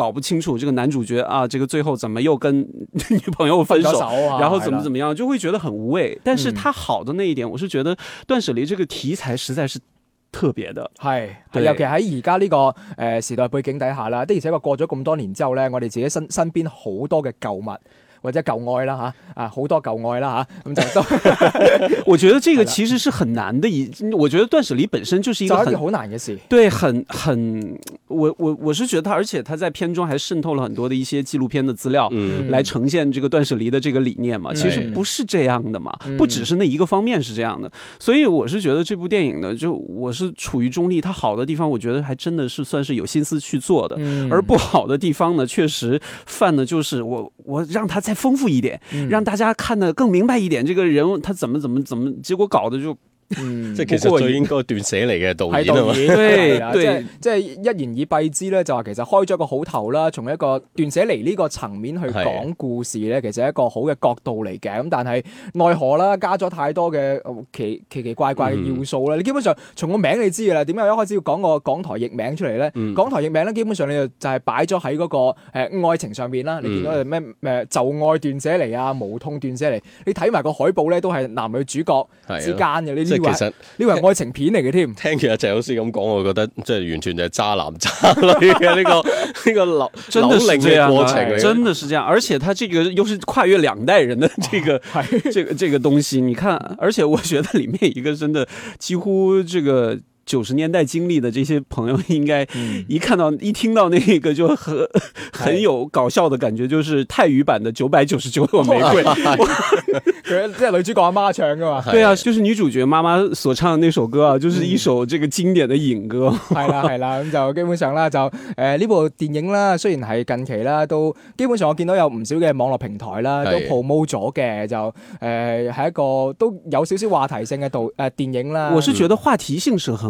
搞不清楚這個男主角啊，這個最後怎麼又跟女朋友分手，手、啊，然後怎麼怎麼樣，就會覺得很無味，但是他好的那一點，嗯、我是覺得斷捨離這個題材實在是特別的，係，尤其喺而家呢個誒、呃、時代背景底下啦，的而且確過咗咁多年之後咧，我哋自己身身邊好多嘅舊物。或者舊愛啦，哈啊好、啊、多舊愛啦，哈、啊。就 我覺得這個其實是很難的一，我覺得斷捨離本身就是一個好、就是、難的事，對，很很，我我我是覺得他，而且他在片中還滲透了很多的一些紀錄片的資料，嗯，來呈現這個斷捨離的這個理念嘛。其實不是這樣的嘛，不只是那一個方面是這樣的，所以我是覺得這部電影呢，就我是處於中立，它好的地方，我覺得還真的是算是有心思去做的，而不好的地方呢，確實犯的就是我。我讓他再豐富一點，讓大家看得更明白一點。這個人物他怎麼怎麼怎麼，結果搞的就。嗯，即係其實最應該斷捨離嘅導演啊 嘛，即係即係一言以蔽之咧，就話其實開咗個好頭啦，從一個斷捨離呢個層面去講故事咧，其實係一個好嘅角度嚟嘅。咁但係奈何啦，加咗太多嘅奇奇奇怪怪嘅要素咧，嗯。你基本上從個名你知噶啦，點解一開始要講個港台譯名出嚟咧，嗯？港台譯名咧，基本上你就就係擺咗喺嗰個誒愛情上面啦，嗯。你見到咩咩就愛斷捨離啊，無痛斷捨離。你睇埋個海報咧，都係男女主角之間嘅呢其實呢個係愛情片嚟嘅添，聽其實鄭老師咁講，我覺得即係完全就係渣男渣女嘅呢，這個呢個劉劉玲嘅過程，真的是這樣。而且佢這個又是跨越兩代人的這個這個這個東西， 你看，而且我覺得裏面一個真的幾乎這個。九十年代經歷的這些朋友，應該一看到、嗯、一聽到那個就很很有搞笑的感覺，就是泰語版的《九百九十九朵玫瑰》 。 即係女主角阿媽，媽唱噶嘛？對啊，就是女主角媽媽所唱的那首歌啊，就是一首這個經典的影歌。係啦係啦，咁就基本上啦，就誒呢、呃、部電影啦，雖然係近期啦，都基本上我見到有唔少嘅網絡平台啦是都 promote 咗嘅，就誒係、呃、一個都有少少話題性嘅導誒電影啦。我是覺得話題性是很。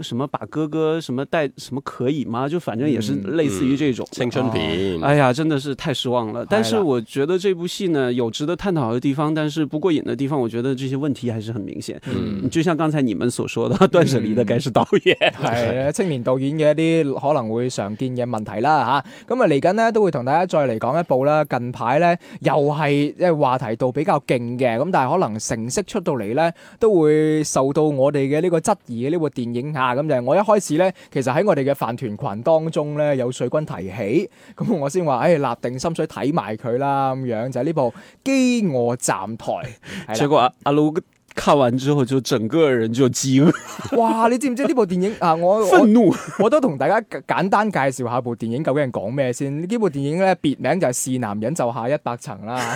什麼把哥哥什麼帶什麼可以嗎？就反正也是類似於這種，嗯嗯、青春片。哎呀，真的是太失望了。但是我覺得這部戲呢，有值得探討的地方，但是不過癮的地方，我覺得這些問題還是很明顯。嗯、就像剛才你們所說的，斷、嗯、捨離的該是導演。係咧，青年導演嘅一啲可能會常見嘅問題啦，吓。咁啊，嚟緊呢，都會同大家再嚟講一部啦。近排呢，又係即係話題度比較勁嘅，咁但係可能成績出到嚟呢，都會受到我哋嘅呢個質疑嘅呢部電影。啊！咁就是我一開始咧，其實喺我哋嘅飯團群當中咧，有水軍提起，咁我先話，誒、哎，立定心水睇埋佢啦，咁樣就係呢部《飢餓站台》啊。水阿看完之後就整個人就飢餓哇！你知唔知呢部電影啊？ 我憤怒，我都同大家簡單單介紹下部電影究竟講咩先？呢部電影咧別名就係、是《是男人就下一百層》啦，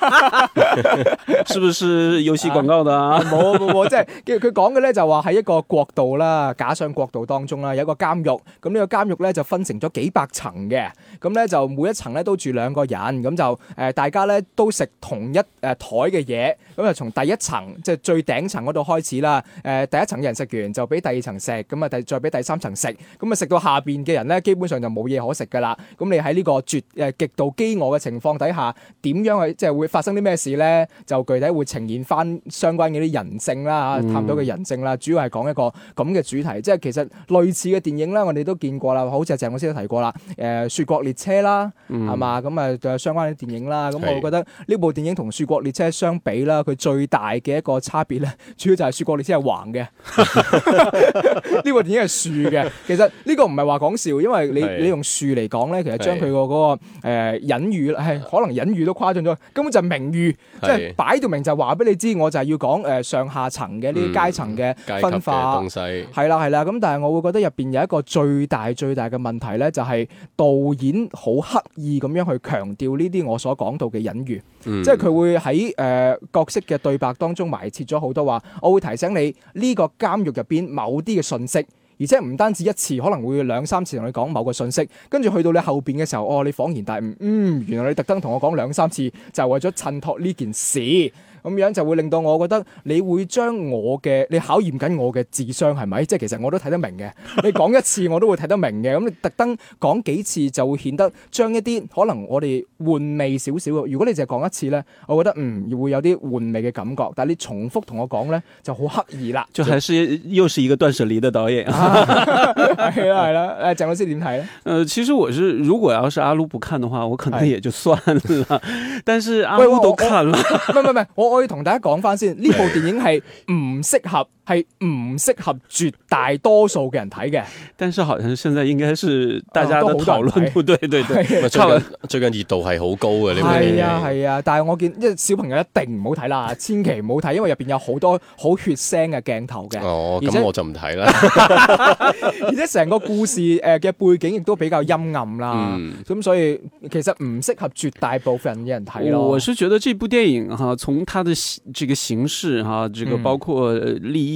是不是？遊戲廣告的啊？冇冇冇，即係，跟住佢講嘅咧就話係一個國度啦，假想國度當中啦，有一個監獄，咁呢個監獄咧就分成咗幾百層嘅，咁咧就每一層咧都住兩個人，咁就誒、呃、大家咧都食同一誒、呃、台嘅嘢，咁啊從第一層即係。最頂層嗰度開始啦，誒第一層人食完就俾第二層食，咁啊第再俾第三層食，咁啊食到下邊嘅人咧，基本上就冇嘢可食噶啦。咁你喺呢個絕誒極度飢餓嘅情況底下，點樣去即係會發生啲咩事咧？就具體會呈現翻相關嘅啲人性啦，探、嗯、到嘅人性啦，主要係講一個咁嘅主題。即係其實類似嘅電影咧，我哋都見過啦，好似阿鄭老師都提過啦，誒、呃《雪國列車》啦、嗯，係嘛？咁啊，相關啲電影啦。咁我覺得呢部電影同《雪國列車》相比啦，佢最大嘅一個，差別咧，主要就係雪國列車係橫嘅，呢個電影係豎嘅。其實呢個唔係話講笑，因為你你用豎嚟講咧，其實將佢、嗰個個誒隱喻係可能隱喻都誇張咗，根本就係明喻，即係擺到明就話俾你知，我就係要講誒上下層嘅呢啲階層嘅分化。係啦係啦，咁但係我會覺得入邊有一個最大最大嘅問題咧，就係、是、導演好刻意咁樣去強調呢啲我所講到嘅隱喻。嗯、即係佢會喺誒、呃、角色嘅對白當中埋設咗好多話，我會提醒你呢個監獄入邊某啲嘅信息，而且唔單止一次，可能會兩三次同你講某個信息，跟住去到你後邊嘅時候，哦，你恍然大悟，嗯，原來你特登同我講兩三次就係、是、為咗襯托呢件事。咁樣就會令到我覺得你會將我嘅你考驗緊我嘅智商係咪？即係其實我都睇得明嘅，你講一次我都會睇得明嘅。咁 你特登講幾次就會顯得將一啲可能我哋換味少少。如果你淨係講一次咧，我覺得嗯又會有啲換味嘅感覺。但係你重複同我講咧就好刻意啦。就還是又是一個斷捨離的導演。係啦係啦，誒，鄭老師點睇咧？誒、呃，其實我是如果要是阿魯不看的話，我可能也就算了。是 但是阿魯都看了，唔係唔係我。我我我我 我可以同大家講翻先，呢部電影係唔適合。係唔適合絕大多數嘅人睇嘅。但是好像現在應該是大家嘅討論度，對對對 最近熱 度係好高嘅。係啊係啊，但係我見一小朋友一定唔好睇啦，千祈唔好睇，因為入邊有好多好血腥嘅鏡頭嘅。哦，咁我就唔睇啦。 而且成個故事誒嘅背景亦都比較陰暗啦。咁、嗯、所以其實唔適合絕大部分嘅人睇咯。我是覺得這部電影哈，從它的這個形式哈，這個包括立意。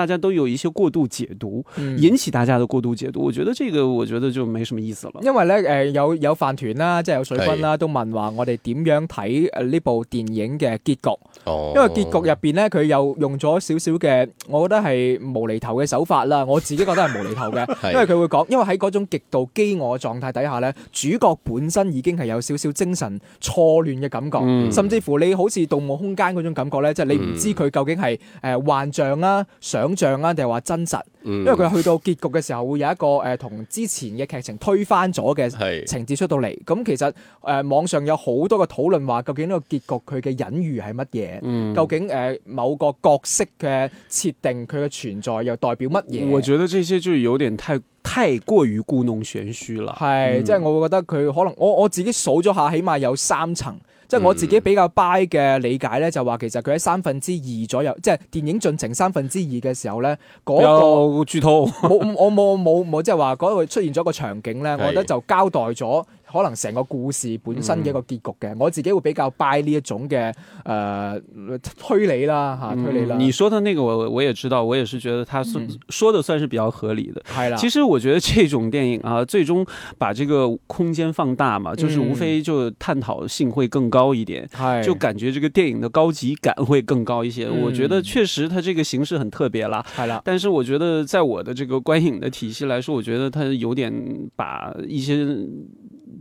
大家都有一些過度解讀，引起大家的過度解讀、嗯、我覺得這個，我覺得就沒什麼意思了。因為咧，有有飯團啦，即係有水軍啦，都問話我哋點樣睇呢部電影嘅結局。哦，因為結局入面咧，佢有用咗少少嘅，我覺得係無厘頭嘅手法啦。我自己覺得係無厘頭嘅， 因為佢會講，因為喺嗰種極度飢餓狀態底下咧，主角本身已經係有少少精神錯亂嘅感覺、嗯，甚至乎你好似《盜夢空間》嗰種感覺咧、嗯，即係你唔知佢究竟係誒、呃、幻象啦、啊，想。像啊，定係話真實？因為佢去到結局嘅時候，會有一個誒，同、呃、之前嘅劇情推翻咗嘅情節出到嚟。咁其實誒、呃，網上有好多嘅討論話，究竟呢個結局佢嘅隱喻係乜嘢？究竟誒，某個角色嘅設定，佢嘅存在又代表乜嘢？我覺得這些就有點太太過於故弄玄虛啦。係、嗯，即係我會覺得佢可能我我自己數咗下，起碼有三層。即、嗯、係我自己比較 buy 嘅理解咧，就話其實佢喺三分之二左右，即係電影進程三分之二嘅時候咧，嗰、那個朱濤，我我冇冇冇，即係話嗰個出現咗個場景咧，我覺得就交代咗。可能成個故事本身嘅一個結局嘅、嗯，我自己會比較拜呢一種嘅、呃、推理啦嚇推理啦、嗯。你說的那個我我也知道，我也是覺得他說、嗯、說的算是比較合理的。係啦，其實我覺得這種電影啊，最終把這個空間放大嘛，就是無非就探討性會更高一點、嗯，就感覺這個電影的高級感會更高一些。我覺得確實，它這個形式很特別啦。是啦，但是我覺得在我的這個觀影的體系來說，我覺得它有點把一些。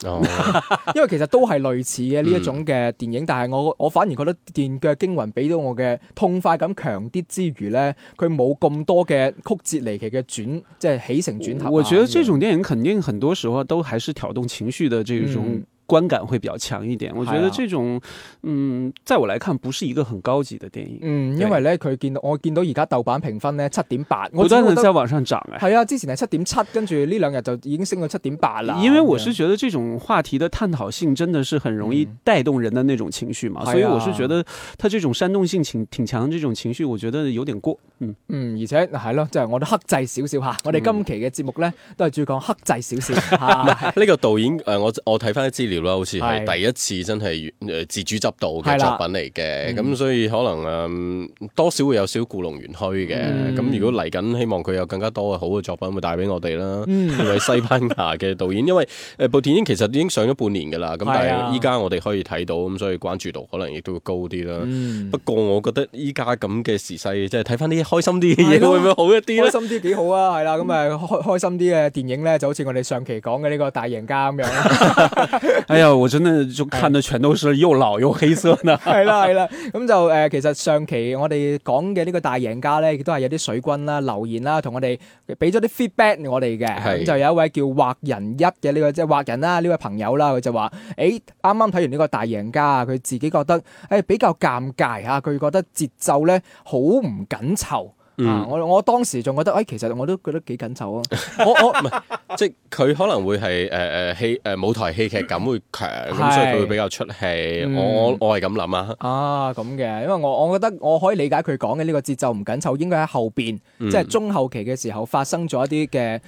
因為其實都係類似嘅呢一種嘅電影，嗯、但係我我反而覺得《電鋸驚魂》俾到我嘅痛快感強啲之餘咧，佢冇咁多嘅曲折離奇嘅轉，即係起承轉合。我覺得這種電影肯定很多時候都還是挑動情緒的這種、嗯。觀感會比較強一點，我覺得這種，啊、嗯，在我來看，不是一個很高級的電影。嗯，因為呢佢見到我見到而家豆瓣評分呢七點八，不斷的在往上漲、啊。係啊，之前係七點七，跟住呢兩日就已經升到七點八啦。因為我是覺得這種話題的探討性真的是很容易帶動人的那種情緒嘛，嗯、所以我是覺得，他這種煽動性情挺強，的這種情緒我覺得有點過。嗯嗯，而且係咯、啊，就係、是、我都克制少少吓。我哋今期嘅節目呢、嗯、都係主要講克制少少。呢個導演誒，我我睇翻啲資料。好似係第一次真係誒自主執導嘅作品嚟嘅，咁、嗯、所以可能誒、嗯、多少會有少故弄玄虛嘅，咁、嗯、如果嚟緊希望佢有更加多嘅好嘅作品會給，咪帶俾我哋啦。位西班牙嘅導演，嗯、因為誒部電影其實已經上咗半年㗎啦，咁但係依家我哋可以睇到，咁所以關注度可能亦都會高啲啦。嗯、不過我覺得依家咁嘅時勢，即係睇翻啲開心啲嘅嘢會唔會好一啲咧？開心啲幾好啊，係啦，咁誒開開心啲嘅電影咧，就好似我哋上期講嘅呢個大贏家咁樣。 哎呀，我真係就看的全都是又老又黑色呢。係啦係啦，咁就誒、呃，其實上期我哋講嘅呢個大贏家咧，亦都係有啲水軍啦、留言啦，同我哋俾咗啲 feedback 我哋嘅。就有一位叫畫人一嘅呢、這個即係畫人啦呢位朋友啦，佢就話：誒、欸，啱啱睇完呢個大贏家，佢自己覺得誒、欸、比較尷尬吓，佢覺得節奏咧好唔緊湊。嗯啊、我我當時仲覺得，哎，其實我都覺得幾緊湊啊！ 我我唔係，即係佢可能會係誒、呃、戲、呃、舞台戲劇感會強，咁、嗯、所以佢會比較出戲。嗯、我我我係咁諗啊！啊，咁嘅，因為我我覺得我可以理解佢講嘅呢個節奏唔緊湊，應該喺後面，嗯、即係中後期嘅時候發生咗一啲嘅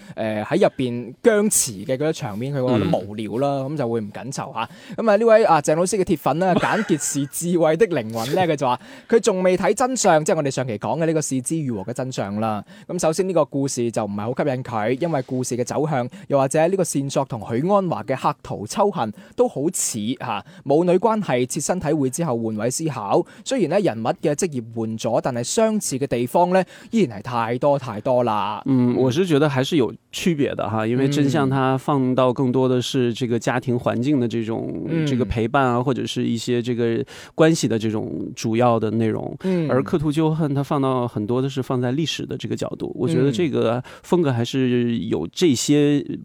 喺入面僵持嘅嗰啲場面，佢覺得無聊啦，咁、嗯、就會唔緊湊嚇、啊。咁啊呢位啊鄭老師嘅鐵粉啊， 簡潔是智慧的靈魂咧，佢就話佢仲未睇真相， 即係我哋上期講嘅呢個《史之語》。嘅真相啦，咁首先呢個故事就唔係好吸引佢，因為故事嘅走向，又或者呢個線索同許鞍華嘅客途秋恨，都好似吓母女關係，切身體會之後換位思考。雖然咧人物嘅職業換咗，但係相似嘅地方咧依然係太多太多啦。嗯，我是覺得還是有區別的哈，因為真相，它放到更多的是這個家庭環境的這種這個陪伴啊，或者是一些這個關係的這種主要的內容。而客途秋恨，它放到很多都是。放在歷史的這個角度，我覺得這個風格還是有這些。嗯。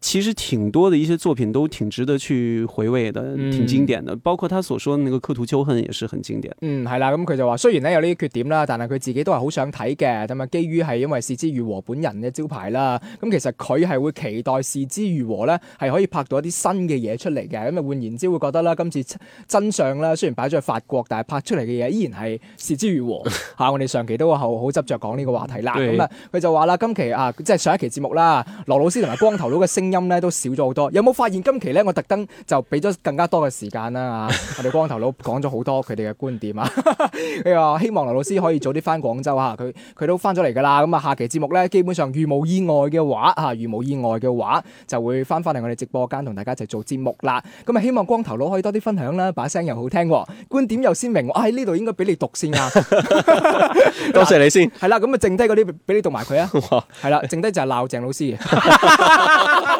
其實挺多的一些作品都挺值得去回味的，挺經典的，嗯、包括他所說的那個《客途秋恨》也是很經典。嗯，係啦，咁佢就話雖然呢有呢啲缺點啦，但係佢自己都係好想睇嘅，咁啊基於係因為是枝裕和本人嘅招牌啦，咁其實佢係會期待是枝裕和呢係可以拍到一啲新嘅嘢出嚟嘅，咁啊換言之會覺得啦今次真相啦雖然擺咗喺法國，但係拍出嚟嘅嘢依然係是枝裕和吓、 啊，我哋上期都好好執着講呢個話題啦。咁啊佢就話啦今期啊即係上一期節目啦，羅老師同埋光頭佬嘅聲。音咧都少咗好多，有冇發現？今期咧，我特登就俾咗更加多嘅時間啦，啊！ 我哋光頭佬講咗好多佢哋嘅觀點啊， 希望劉老師可以早啲翻廣州啊，佢佢都翻咗嚟噶啦。咁啊，下期節目咧，基本上如無意外嘅話，吓如無意外嘅話，就會翻翻嚟我哋直播間同大家一齊做節目啦。咁啊，希望光頭佬可以多啲分享啦，把聲又好聽，觀點又鮮明。喺呢度應該俾你讀先啊。多 謝，謝你先。係啦，咁啊，剩低嗰啲俾你讀埋佢啊。係啦，剩低就係鬧鄭老師。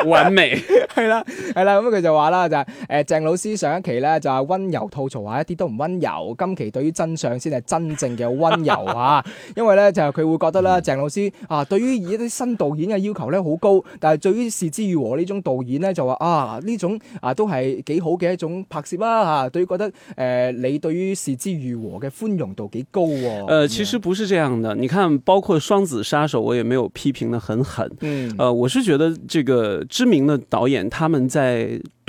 好韻味，係 啦， 係啦，咁佢就話啦，就係、是、誒、呃、鄭老師上一期咧就係溫柔吐槽下，一啲都唔溫柔。今期對於真相先係真正嘅溫柔嚇， 因為咧就係佢會覺得咧， 鄭老師啊對於一啲新導演嘅要求咧好高，但係對於是枝裕和呢種導演咧就話啊呢種啊都係幾好嘅一種拍攝啦嚇。對於覺得誒、呃、你對於是枝裕和嘅寬容度幾高喎、哦？呃嗯、其實不是這樣的。你看，包括《雙子殺手》，我亦沒有批評得很狠。嗯、呃，誒，我是覺得這個。知名的導演，他們在，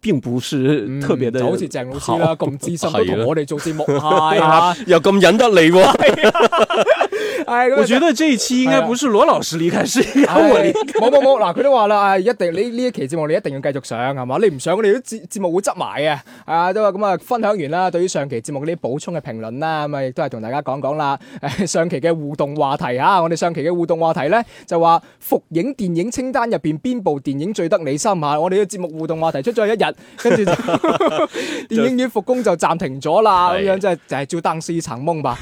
並不是特別的好似鄭老師啦，咁資深，都同我哋做節目， 對啊 哎、呀 又咁忍得嚟、哦 對啊。 哎、我覺得呢一期應該不是羅老師離開，哎、是阿冇冇冇，嗱、哎、佢都話啦，誒、哎、一定呢呢一期節目你一定要繼續上，係嘛？你唔上我哋啲節節目會執埋嘅，係啊，都話咁啊、嗯、分享完啦。對於上期節目嗰啲補充嘅評論啦，咁啊亦都係同大家講講啦。誒、哎、上期嘅互動話題、啊、我哋上期嘅互動話題咧就話復映電影清單入邊邊部電影最得你心下，我哋嘅節目互動話題出咗一日，跟住 電影院復工就暫停咗啦，咁樣即係就係照等四層夢吧，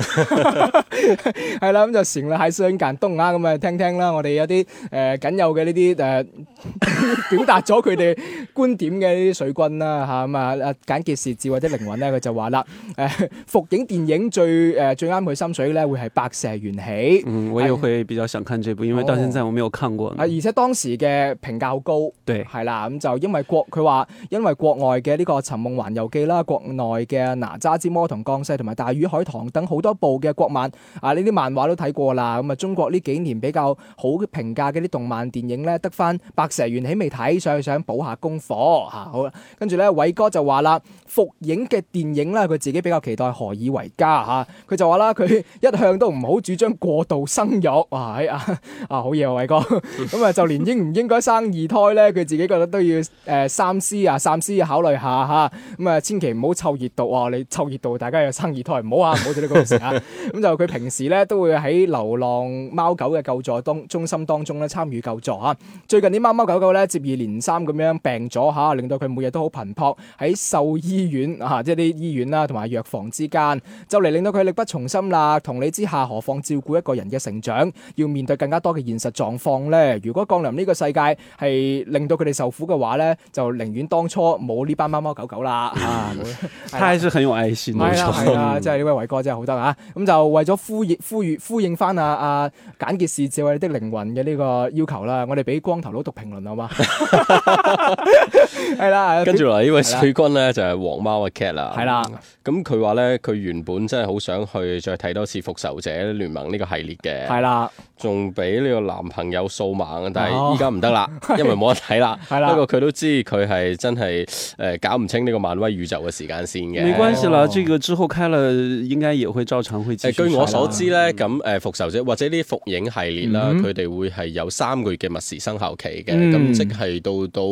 係 啦、 嗯。嗯就成日喺相間東亞咁啊，聽聽啦，我哋有啲誒僅有嘅呢啲誒表達咗佢哋觀點嘅呢啲水軍啦，嚇，咁啊簡潔事蹟或者靈魂咧，佢就話啦誒復映電影最誒、呃、最啱佢心水咧，會係白蛇緣起。嗯、我又會比較想看這部、哎，因為到現在我沒有看過。啊，而且當時嘅評價好高，對，係啦，咁、嗯、就因為國佢話因為國外嘅呢個尋夢環遊記啦，國內嘅哪吒之魔童降世同埋大魚海棠等好多部嘅國漫啊，呢啲漫畫都睇。睇過啦，咁啊中國呢幾年比較好評價嗰啲動漫電影咧，得翻《白蛇緣起》未睇，上去，想補下功課嚇、啊。好啦，跟住咧偉哥就話啦，復映嘅電影咧，佢自己比較期待《何以為家》嚇、啊。佢就話啦，佢一向都唔好主張過度生育、哎、啊。啊啊好嘢啊，偉哥，咁啊，就連應唔應該生二胎咧，佢自己覺得都要誒三思啊，三思考慮一下嚇。咁啊，千祈唔好湊熱度啊，你湊熱度，大家又生二胎，唔好啊，唔好做呢個事啊。咁 就佢平時咧都會喺。流浪貓狗嘅救助當中心當中咧參與救助啊。最近啲貓貓狗狗咧接二連三咁樣病咗吓，令到佢每日都好頻撲喺獸醫院啊，即係啲醫院啦同埋藥房之間，就嚟，令到佢力不從心啦。同理之下，何況照顧一個人嘅成長，要面對更加多嘅現實狀況咧？如果降臨呢個世界係令到佢哋受苦嘅話咧，就寧願當初冇呢班貓貓狗狗啦。他還是很有愛心、 嗯是的，係啊係啊，即係呢位偉哥真係好得啊！咁就為咗呼呼籲呼，呼應翻阿阿簡潔事照，或者的靈魂嘅呢個要求啦。我哋俾光頭佬讀評論好嘛？係 啦，跟住嚟，呢位水君咧就係黃貓嘅 cat 啦，係啦。咁佢話咧，佢、嗯、原本真係好想去再睇多次復仇者聯盟呢、這個系列嘅，係啦。仲俾呢個男朋友掃盲，但係依家唔得啦，因為冇得睇啦。係啦。是是不過佢都知佢係真係誒搞唔清呢個漫威宇宙嘅時間綫嘅。沒關係啦、哦，這個之後開了，應該也會照常會。誒，據我所知咧，咁、嗯。誒、呃、復仇者，或者呢啲復影系列啦，佢、嗯、哋會係有三個月嘅密時生效期嘅，咁、嗯、即係到到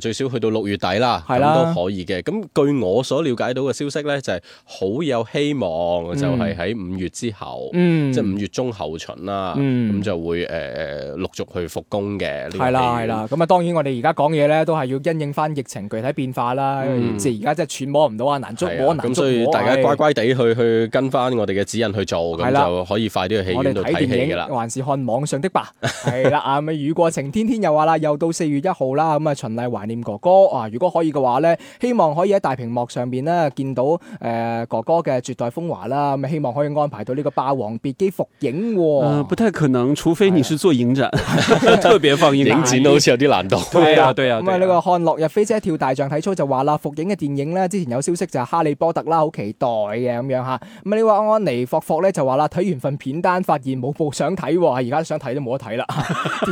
最、呃、少去到六月底啦，咁都可以嘅。咁據我所了解到嘅消息呢，就係、是、好有希望，嗯、就係、是、喺五月之後，嗯、即係五月中後旬啦，咁、嗯、就會誒陸、呃、續去復工嘅。係啦，啦、這個。咁啊，當然我哋而家講嘢呢，都係要因應翻疫情具體變化啦。咁而家即係揣摩唔到啊，難捉摸，難捉摸，咁所以大家乖乖地去、哎、去跟翻我哋嘅指引去做，咁就可以。快啲去戲院度睇電影啦，還是看網上的吧。係啦，咁啊雨過晴天，天,天又話啦，又到四月一號啦。咁啊，循例懷念哥哥啊，如果可以嘅話咧，希望可以喺大屏幕上邊咧見到誒、呃、哥哥嘅絕代風華啦。咁啊，希望可以安排到呢個《霸王別姬、啊》復影喎。唔太可能，除非你是做影展，特別放映影展都好似有啲難度。對啊，對啊。咁啊，呢個看落日飛車跳大象睇操就話啦，復影嘅電影咧，之前有消息就係《哈利波特》啦，好期待嘅咁樣吓？咁啊，你話安妮霍霍咧就話啦，睇完份。片單發現冇部想睇喎、哦，而家想睇都冇得睇啦。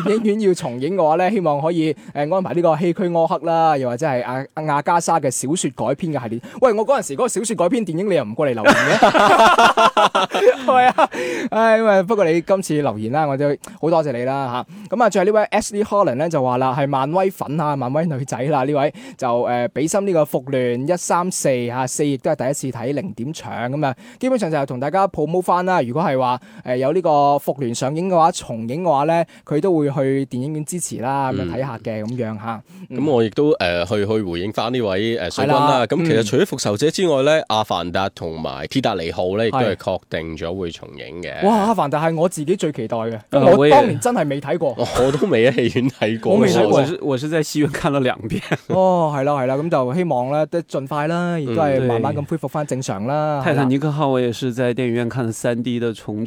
電影院要重映嘅話咧，希望可以誒安排呢、這個《希區柯克》啦，又或者係阿阿加莎嘅小說改編嘅系列。喂，我嗰陣時嗰個小說改編電影，你又唔過嚟留言嘅？係 啊，唉，不過你今次留言啦，我就好多謝你啦吓。咁啊，最後呢位 Ashley Holland 咧就話啦，係漫威粉啊，漫威女仔啦。呢位就誒俾、呃、心呢個復《復聯一三四》吓，四亦都係第一次睇零點場咁啊。基本上就同大家 promo 翻啦。如果係話，誒、呃，有呢個復聯上映嘅話，重映嘅話咧，佢都會去電影院支持啦，咁、嗯、樣睇下嘅咁樣吓。咁、嗯、我亦都誒、呃、去去回應翻呢位誒水軍啦。咁其實除咗復仇者之外咧，嗯，《阿凡達》同埋《鐵達尼號》咧，亦都係確定咗會重映嘅。哇，《阿凡達》係我自己最期待嘅、嗯，我當年真係未睇過。我，也 我都未喺戲院睇過， 我沒看過 我，是我是在戲院看了兩遍。 哦，係啦係啦，咁就希望咧，即盡快啦，亦、嗯、都係慢慢咁恢復翻正常啦。泰坦尼克號我也是在電影院看了 3D 的重。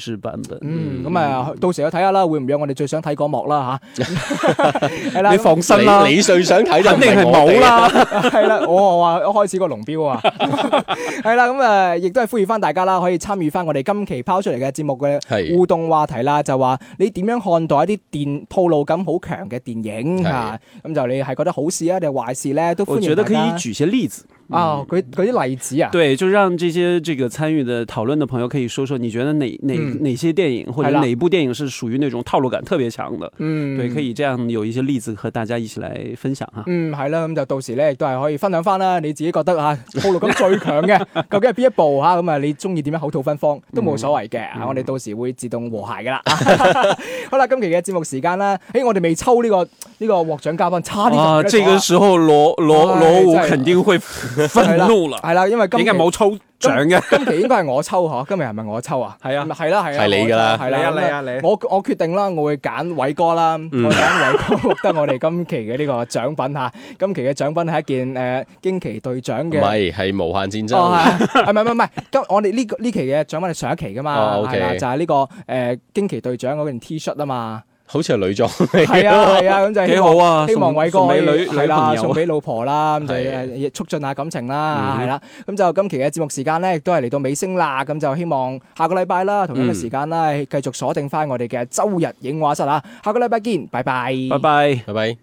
嗯，咁啊，到時去睇下啦，會唔會我哋最想睇嗰幕啦吓？ 你放心啦、啊，你最想睇，肯定係冇啦。係 啦，我話一開始個龍標啊，係 啦，咁、嗯、誒，亦都係呼籲翻大家啦，可以參與翻我哋今期拋出嚟嘅節目嘅互動話題啦，就話你點樣看待一啲電套路感好強嘅電影吓？咁、啊、就你係覺得好事啊定壞事咧？都歡迎，我覺得可以舉一些例子哦，舉舉啲例子啊，對，就讓這些這個參與的討論的朋友可以說說，你覺得哪、嗯、哪哪些電影或者哪部電影是屬於那種套路感特別強的、嗯？對，可以這樣有一些例子和大家一起來分享啊。嗯，係啦，咁就到時咧都係可以分享翻啦。你自己覺得啊，套路感最強嘅 究竟係邊一部吓？咁啊，你中意點樣口吐芬芳都冇所謂嘅、嗯啊。我哋到時會自動和諧噶啦。嗯、 好啦，今期嘅節目時間咧，誒，我哋未抽呢、這個呢、這個獲獎嘉賓，差啲就唔得咗啊，這個時候羅羅羅武肯定會。 憤、就、啦、是，係啦，因為今日冇抽獎嘅，今期應該係我抽嗬，今期係咪我抽啊？係啊，係啦係啊，係你噶啦我，你啊，啊你啊，啊你，啊你啊，我我決定啦，我會揀偉哥啦，嗯、我揀偉哥獲得我哋今期嘅呢個獎品吓， 今期嘅獎品係一件誒驚、呃、奇隊長嘅，唔係係無限戰爭、 哦，係咪，唔唔係，今我哋呢呢期嘅獎品係上一期噶嘛， 就係、是、呢、這個誒驚、呃、奇隊長嗰件 T 恤啊嘛。好似係女裝，係啊係啊，咁就係幾好啊，希望偉哥送俾女係啦，送俾老婆啦，咁就誒促進下感情啦，係啦。咁就今期嘅節目時間咧，亦都係嚟到尾聲啦。咁就希望下個禮拜啦，同一個時間啦，繼續鎖定翻我哋嘅周日影畫室啦。下個禮拜見，拜拜，拜拜，拜拜。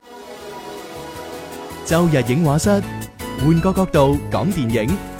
周日影畫室，換個角度講電影。